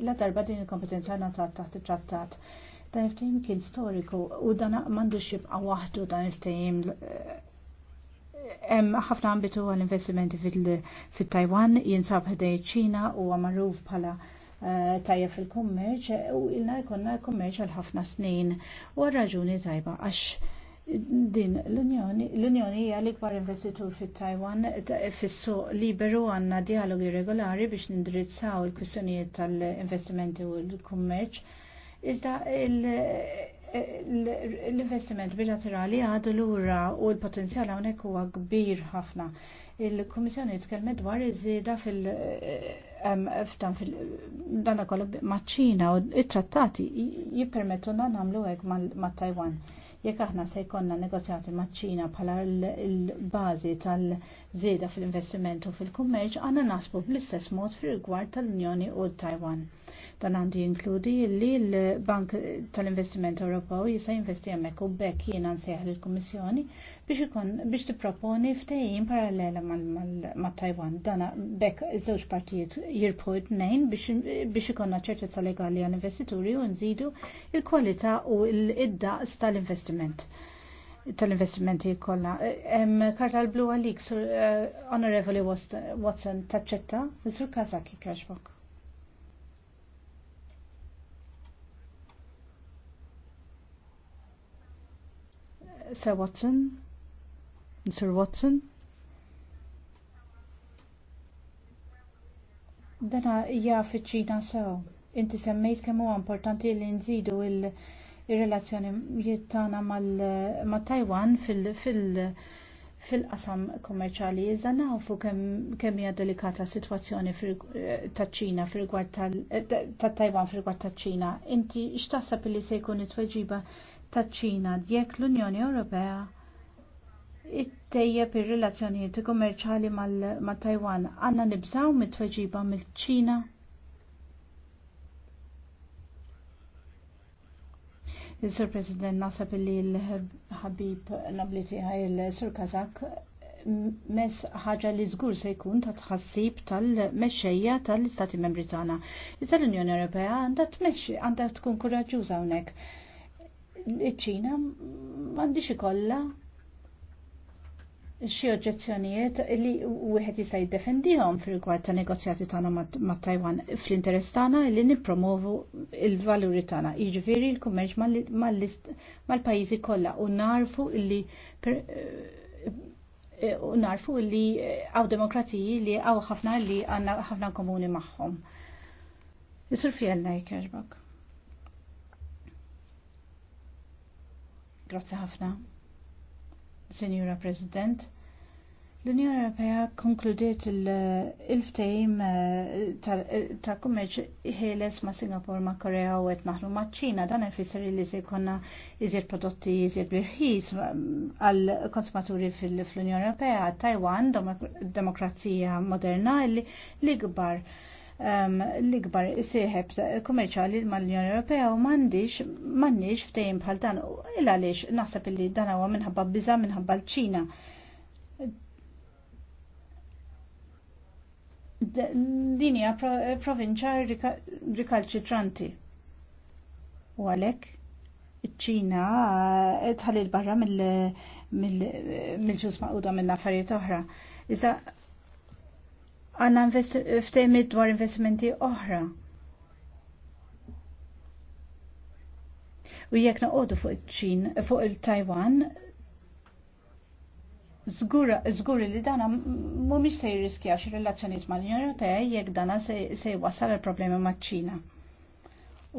la darba din il-kompetenza natat taħt it-trattat. Dan il-ftehim kien storiku u dan mandu xibqa waħdu dan il-ftehim hemm ħafna ambitu għall-investimenti fit-Taiwan jinsab ħdej ċina u għamaruf bħala eh, tajja fil-kummerċ u ilna jkollna kummerċ għal ħafna snin u għal raġuni tajba għax din l-Unjoni l-Unjoni hija l-ikbar investitur fit-Taiwan fis-suq liberu għandna dialogi regolari biex nindirizzaw il-kwistjonijiet tal-investimenti u l-kummerċ. Iżda l-investiment bilaterali għadu l-ura u l-potenzjal hawnhekk huwa kbir ħafna. Il-Kummissjoni tkellmet dwar iż-żieda fil- f'dan fil-dan kollu u it-trattati jippermettuna nagħmlu hekk mat-Taiwan. Jekk aħna se jkollna negozjati maċ-Ċina bħala l-bażi tal-żieda fil-investiment u fil-kummerċ, għandna nasbu bl-istess mod fir-rigward tal-Unjoni u taiwan Dan għandi inkludi li l-Bank tal-Investiment Ewropew jista' jinvesti hemmhekk u bekk jiena nsejħ lill-Kummissjoni biex ikun biex tipproponi ftehim parallela mat-Taiwan. Dan bekk iż-żewġ partijiet jirbħu tnejn biex ikonna ċertezza legali għall-investituri u nżidu il-kwalità u l-iddaqs tal-investiment tal-investimenti kolla. karta l-blu għalik, Sur eh, Honorable Watson, taċċetta? Sur Kazaki kieġbok. Sir Watson? Sir Watson? Dana hija fiċ-Ċina sew. Inti semmejt kemm huwa importanti li nżidu il relazzjoni tagħna ma' taiwan fil-qasam kommerċali, iżda nafu kemm hija delikata sitwazzjoni taċ-Ċina fil-gwar tat-Taiwan fil-gwar taċ-Ċina. Inti x'taħseb li se jkun it-tweġiba taċ-Ċina jekk l-Unjoni Ewropea ttejjeb ir-relazzjonijiet kummerċali mat-Taiwan għandna nibżgħu mit-tweġiba mill-Ċina. Il-Sur President nasab li l-ħabib nabliti ħaj il-Sur Kazak mess ħaġa li żgur se jkun ta' tħassib tal-mexxejja tal-Istati Membri tagħna. Iżda l-Unjoni Ewropea għandha tmexxi għandha tkun kuraġġuża hawnhekk iċ-Ċina m'għandix ikollha xi oġġezzjonijiet li wieħed jista' jiddefendihom fil-rigward ta' negozjati tagħna mat Taiwan fl-interess tagħna li nippromovu l-valuri tagħna, jiġifieri l-kummerċ mal-pajjiżi kollha u narfu li e, u narfu li għaw demokratiji li għaw ħafna li għanna ħafna komuni maħħom. Isur fjell najkerbak. Grazzi ħafna. Signora President, l-Unjoni Ewropea konkludiet il-ftehim eh, ta' kummerċ ħeles ma' Singapore, ma' Korea u qed naħlu ma' Ċina dan ifisser li se jkollna iżjed prodotti iżjed birħis mm, għal konsumaturi fil unjoni Ewropea, Taiwan, demokrazija moderna li gbar. Li l-ikbar siħeb kummerċali mal-Unjoni Ewropea u m'għandix m'għandix ftejn bħal dan il għaliex naħseb illi dan huwa minħabba biża' minħabba l-Ċina. Din hija provinċja rikalċitranti. U għalhekk iċ-Ċina tħallil barra mill-ġuż maquda mill affarijiet oħra. Iza, għanna ftejmi dwar investimenti oħra. U jekk naqodu fuq il-ċin, fuq il-Taiwan, Zgur li dana mumiex se jirriskjaw il relazzjonijiet mal-Unjoni Ewropea jekk dana se jwassal il-problemi maċ-Ċina.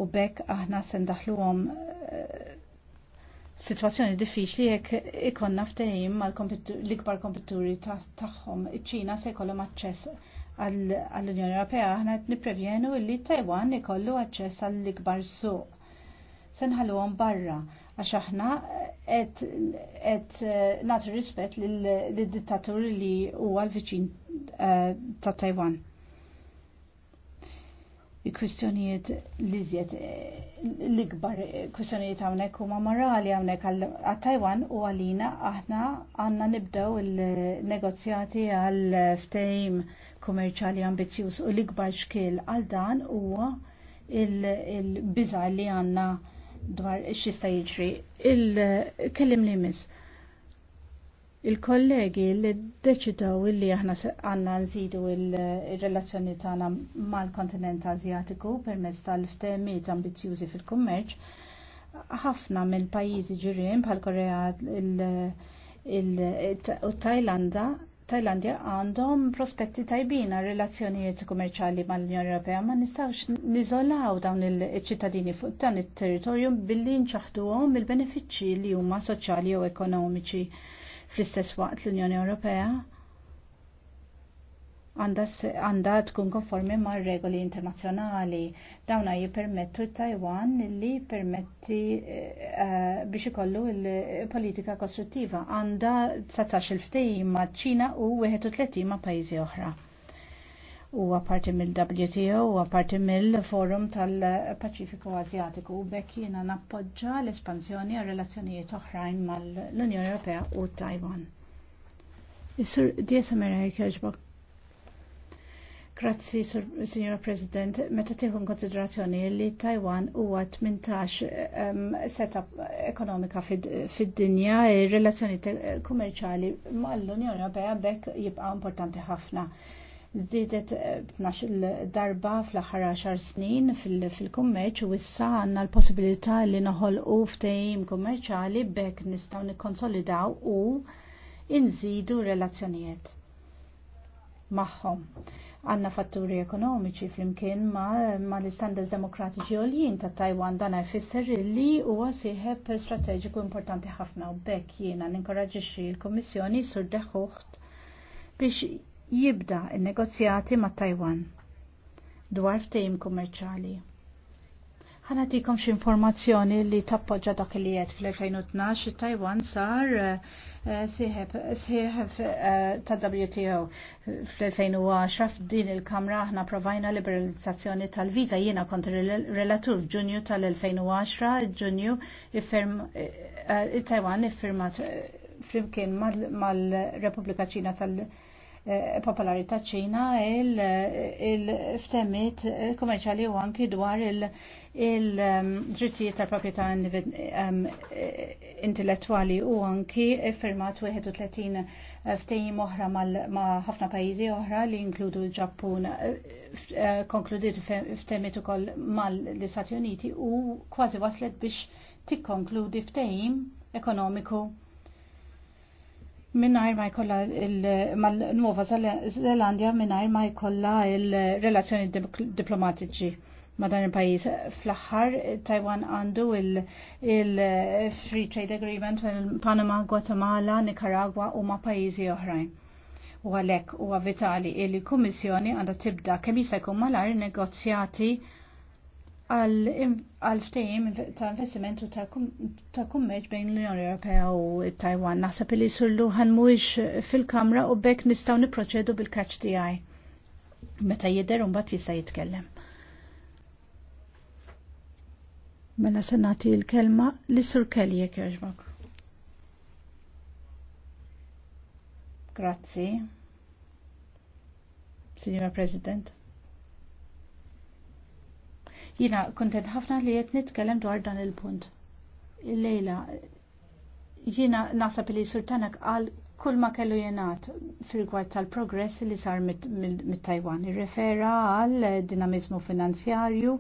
U bekk aħna se ndaħluhom eh, situazzjoni diffiċli jekk ikonna ftehim l-ikbar kompetituri tagħhom iċ-Ċina se jkollhom aċċess għall-Unjoni Ewropea aħna qed nipprevjenu li Taiwan ikollu aċċess għall-ikbar suq. Se nħalluhom barra għax aħna qed eh, nagħtu rispett lid dittaturi li huwa l-viċin eh, ta' Taiwan kwistjonijiet li zjed eh, l-ikbar eh, kwistjonijiet għawnek u ma morali għawnek għal-Taiwan u għalina aħna għanna nibdew il-negozjati għal-ftejm komerċali ambizjuż u l-ikbar xkil għal dan huwa il-biza li għanna dwar xista jiġri. Il-kellim li mis il-kollegi li deċidaw illi aħna għanna nżidu il-relazzjoni tagħna mal-kontinent Azjatiku permezz tal-ftehmiet ambizzjużi fil-kummerċ ħafna mill-pajjiżi ġirien bħal Korea u Tajlanda Tajlandja għandhom prospetti tajbina relazzjonijiet kummerċali mal-Unjoni Ewropea ma nistawx niżolaw dawn il-ċittadini fuq dan it-territorju billi nċaħduhom il-benefiċċji li huma soċjali u ekonomiċi Fl-istess waqt l-Unjoni Ewropea għandha tkun konformi ma' regoli internazzjonali. Dawna jippermettu Taiwan li permetti uh, biex ikollu l politika kostruttiva. Għandha 19 il-ftejim ma' ċina u 31 ma' pajjiżi oħra u għaparti mill-WTO u għaparti mill-Forum tal-Pacifiku Azjatiku u bekk jiena nappoġġa l-espansjoni għal relazzjonijiet oħrajn mal-Unjoni Ewropea u Taiwan. Is-Sur Dies Grazzi, Signora President. Meta tieħu konsiderazzjoni li Taiwan huwa 18 um, ehm, setup ekonomika fid-dinja, fid relazzjoni kummerċali mal-Unjoni Ewropea bekk jibqa' importanti ħafna. Zdidet eh, b'12 darba fl-aħħar 10 snin fil-kummerċ u issa għandna l-possibilità li u ftejim kummerċali bekk nistgħu nikkonsolidaw u inżidu relazzjonijiet magħhom. Għanna fatturi ekonomiċi flimkien ma l-istandards demokratiċi l-jien ta' Taiwan dan jfisser li huwa sieħeb strateġiku importanti ħafna u bekk jiena ninkoraġixxi l-Kummissjoni sur deħuħt biex jibda il-negozjati ma' Taiwan dwar f'tehim kummerċali. Ħanatikom informazzjoni li tappoġġa dak li qed fl-2012 Taiwan sar eh, sieħeb eh, ta' WTO fl-2010 f'din il-Kamra aħna provajna liberalizzazzjoni tal-viża jiena kont relatur f'Ġunju tal-2010 Ġunju eh, Taiwan iffirmat flimkien mal-Repubblika Ċina tal taiwan popolari ta' ċina il-ftemmit il u anki dwar il-drittijiet um, tal proprjetà um, intellettuali u anki firmat 31 ftejim oħra ma' ħafna pajjiżi oħra li inkludu l-Ġappun uh, konkludiet ftemiet ukoll mal-Istati Uniti u kważi waslet biex tikkonkludi ftehim ekonomiku minnajr ma jkolla il nuova Zelandja minnajr ma jkolla il-relazzjoni diplomatiċi ma dan il-pajis. fl ħar Taiwan għandu il-Free Trade Agreement mill Panama, Guatemala, Nicaragua u ma pajizi oħrajn. U għalek u għavitali il-Kommissjoni għanda tibda kemm jista' jkun malar negozjati għal ftejim ta' investimentu ta' kummerġ bejn l-Unjoni Ewropea u Taiwan. Naħseb li surlu Luhan mhuwiex fil-kamra u bekk nistgħu niproċedu bil-catch tiegħi. Meta jidher u mbagħad jista' jitkellem. Mela se nagħti l-kelma li sur Kelly jekk jogħġbok. Grazzi. Signora President. Jina kontent ħafna li jett nitkellem dwar dan il-punt. Lejla, jina nasab li sultanak għal kull ma kellu jenat fil gwad tal-progress li sar mit-Tajwan. Mit, Irrefera għal dinamizmu finanzjarju,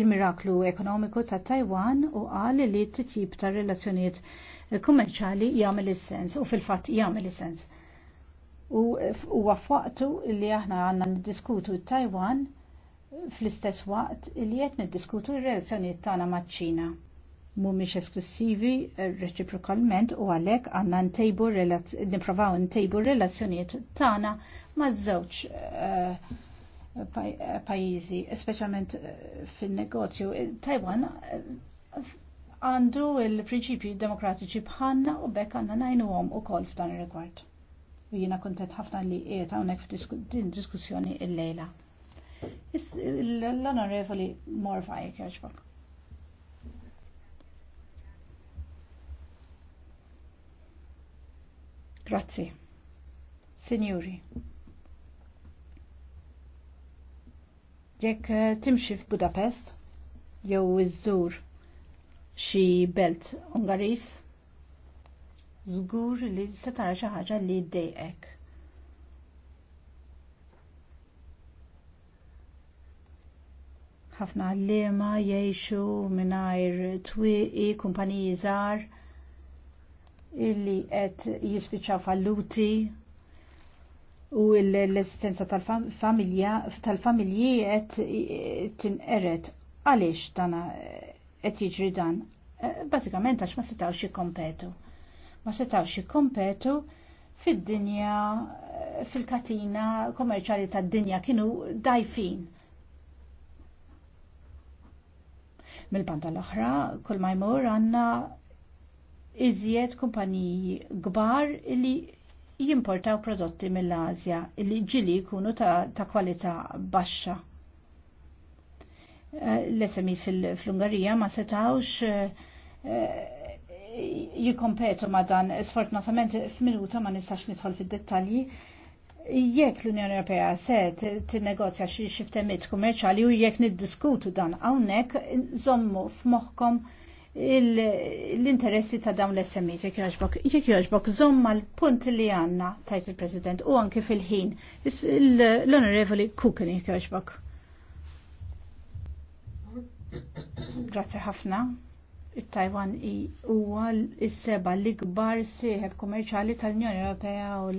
il-miraklu ekonomiku ta' Tajwan u għal li t-tip ta' relazzjoniet kummerċali jagħmel is-sens u fil-fatt jagħmel is-sens. U huwa faqtu li aħna għandna niddiskutu Tajwan fl-istess waqt li qed niddiskutu r-relazzjonijiet tagħna maċ-Ċina. Mhumiex esklusivi eh, reċiprokalment u għalhekk għandna ntejbu nipprovaw ntejbu relazzjonijiet tagħna maż-żewġ uh, pajjiżi, speċjalment fin-negozju. Taiwan għandu il-prinċipji demokratiċi bħanna u bekk għandna najnuhom ukoll f'dan ir-rigward. U jiena kuntent ħafna li qiegħed hawnhekk il-lejla. L-onorevoli Morva jekħeġbak. Grazzi. Signori. Jekk eh, timxi f'Budapest, jew iżżur xi belt Ungaris, żgur li se tara xi ħaġa li ddejqek ħafna għallima jiexu minnajr twiqi, kumpaniji żgħar illi qed jispiċċaw falluti u l-esistenza tal-familji qed tinqeret għaliex dan qed jiġri dan. Bażikament għax ma setgħux jikkompetu. Ma setgħux jikkompetu fid-dinja fil-katina komerċali tad-dinja kienu dajfin Mill-banda l-oħra, kull ma jmur għandna iżjed kumpaniji kbar li jimportaw prodotti mill-Azja li ġili jkunu ta', ta kwalità baxxa. Eh, L-SMIs fil-Ungarija ma setawx eh, jikompetu ma dan sfortunatament f'minuta ma nistax nidħol fid-dettalji jekk l-Unjoni Ewropea se tinnegozja xi xiftemiet kummerċali u jekk niddiskutu dan hawnhekk żommu f'moħħkom l-interessi ta' dawn l-SMEs jekk jogħġbok, jekk jogħġbok żomm mal-punt li għandna tajt il-President u anke fil-ħin l-Onorevoli Kukin, jekk jogħġbok. Grazie ħafna. Il-Taiwan huwa s-seba l-ikbar sieħeb komerċali tal-Unjoni Ewropea u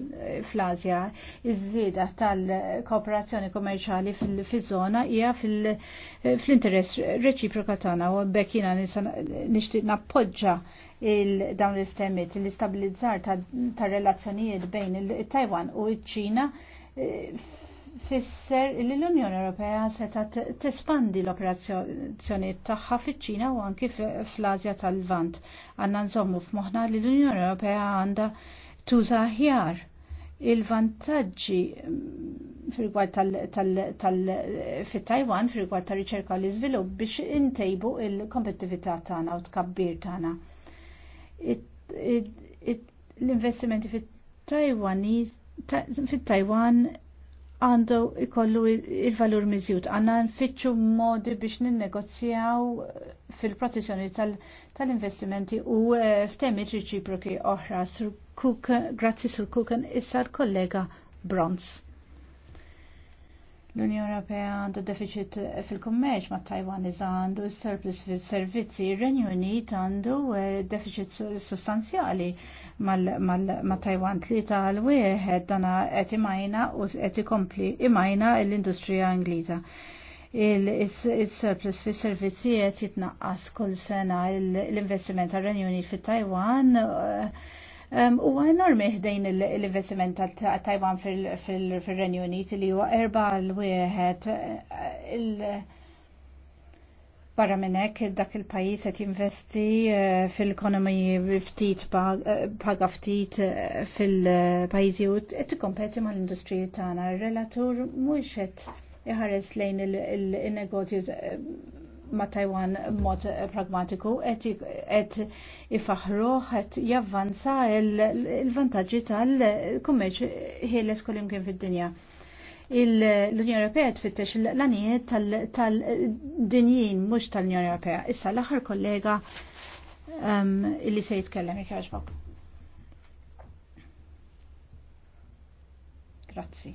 fl-Asja. Iż-żieda tal-kooperazzjoni kummerċali fil-żona hija fl-interess reċiproka tagħna u bekk jiena nixtieq nappoġġa dawn il ftemmiet l-istabilizzar tar relazzjonijiet bejn il-Taiwan u ċ-Ċina eh, tfisser li l-Unjoni Ewropea seta tespandi l-operazzjoni tagħha fiċ-Ċina u anki fl-Asja tal-Lvant. Għandna nżommu f'moħħna li l-Unjoni Ewropea għandha tuża aħjar il-vantaġġi tal-Taiwan, mm, tal tal-fit-Tajwan, fil rigward tal-riċerka l iżvilupp biex intejbu il-kompetitività tagħna u tkabbir tagħna. L-investimenti fit taiwan fit-Tajwan għandu ikollu il-valur miżjud. Għanna nfittxu modi biex ninnegozjaw fil-protezzjoni tal-investimenti u eh, f'temi reċiproki oħra. grazzi Sur Kuken, issa l-kollega Bronz. L-Unjoni Ewropea għandu deficit fil-kummerċ ma' Taiwan iżda għandu surplus fil-servizzi, ir-Renju Unit għandu eh, deficit sostanzjali mal-Taiwan tlieta għal wieħed dana qed imajna u qed ikompli imajna l-industrija Ingliża. Il-surplus fi servizzi jitnaqqas kull sena l-investiment tar-Renju Unit fit-Taiwan eh, U enormi ħdejn l-investiment ta' Taiwan fil-Renju Unit li huwa erba' l wieħed eh, Barra minnek, dak il-pajis et jinvesti eh, fil-ekonomi ftit eh, paga ftit eh, fil-pajizi u et kompeti ma l industri tana. relatur mux et iħares lejn il-negozju ma Taiwan mod pragmatiku et ifaħruħ et javvanza il-vantagġi tal-kummerċ ħieles kolim kien fil dinja l-Unjoni Ewropea tfittex l-għanijiet tal-dinjin mhux tal-Unjoni Ewropea. Issa l-aħħar kollega um, illi se jitkellem jekk Grazzi.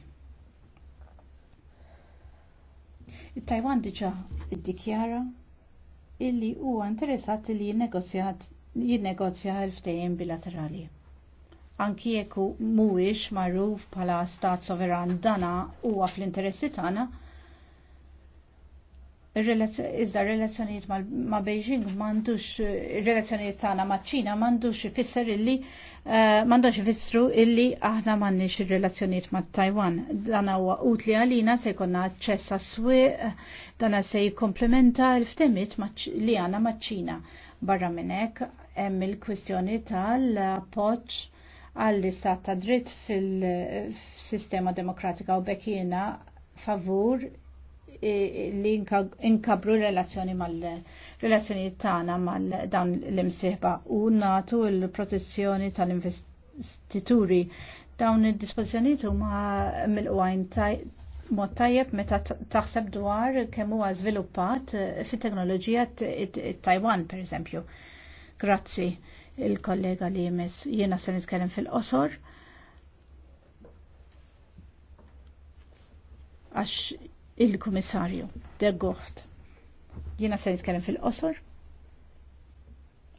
Il-Taiwan diġa id-dikjara illi huwa interessat li jinnegozja il-ftejjem bilaterali anki jekk mhuwiex magħruf bħala stat soveran dana huwa fl-interessi tagħna. Iżda relazzjoniet ma' Beijing mandux ir-relazzjonijiet tagħna ma' Ċina m'għandux ifisser illi eh, m'għandux ifissru illi aħna m'għandniex ir-relazzjonijiet ma' Taiwan. Dan huwa utli għalina se jkonna ċessa swi swieq se jikkomplementa l ftemit li għandna ma' Ċina. Barra minn hekk hemm il-kwistjoni tal-appoġġ għall-istat ta' dritt fil-sistema demokratika u bekkina favur li inkabru relazzjoni mal-relazzjoni tagħna mal dan l-imsieħba u natu l-protezzjoni tal-investituri. Dawn id-dispożjonijiet huma mill-qwajn mod tajjeb meta taħseb dwar kemm huwa żviluppat fit-teknoloġija Taiwan pereżempju. Grazzi il-kollega li jmiss. Jiena se nitkellem fil-qosor. Għax il-komissarju, deggoħt, jena Jiena se nitkellem fil-qosor.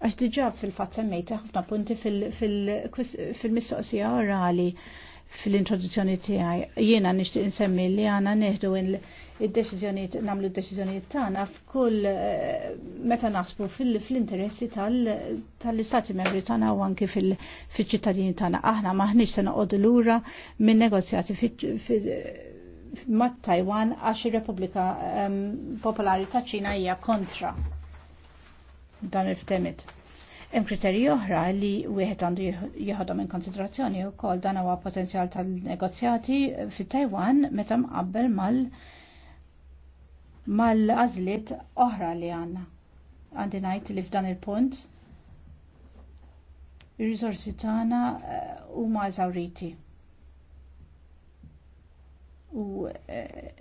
Għax diġab fil-fatt semmejta ħafna punti fil-mistoqsija orali fil-introduzzjoni tiegħi. Jiena nixtieq insemmi li għana neħdu id-deċiżjonijiet nagħmlu d-deċiżjonijiet tagħna f'kull eh, meta naħsbu fil-interessi tal-istati membri tagħna u anke fil-ċittadini tagħna. Aħna maħniex se noqogħdu lura minn negozjati mat Taiwan għax ir-Repubblika ehm, Popolari ta' Ċina hija kontra dan il-ftemit. Hemm kriterji oħra li wieħed għandu jieħodhom in konsiderazzjoni wkoll dan huwa potenzjal tal-negozjati fit-Taiwan meta mqabbel mal mal-għażliet oħra li għandna. Għandi ngħid li f'dan il-punt ir-riżorsi tagħna eh, huma żawriti. U eh,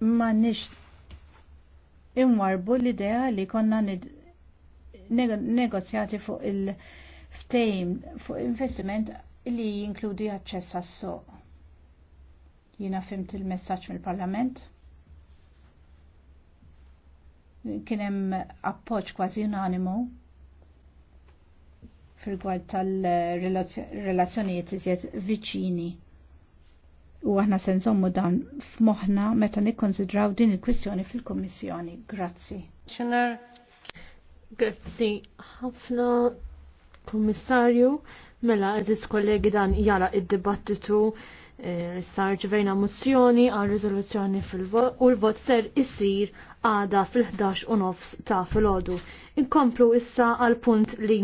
ma nix imwarbu l-idea li konna negozjati fuq il-ftejm fuq investiment li jinkludi aċċess għas-suq. Jina fimt il-messaġġ mill-Parlament. Kien hemm appoġġ kważi unanimu fil-gwad tal-relazzjonijiet iżjed viċini u aħna se nżommu dan f'moħħna meta nikkonsidraw din il-kwistjoni fil-Kummissjoni. Grazzi. Xener, grazzi ħafna Kummissarju. Mela, eżis kollegi dan jara id-dibattitu eh, sar ġivejna mozzjoni għal rizoluzzjoni fil-vot u l-vot ser issir għada fil-11 u nofs ta' fil-ħodu. Inkomplu issa għal punt li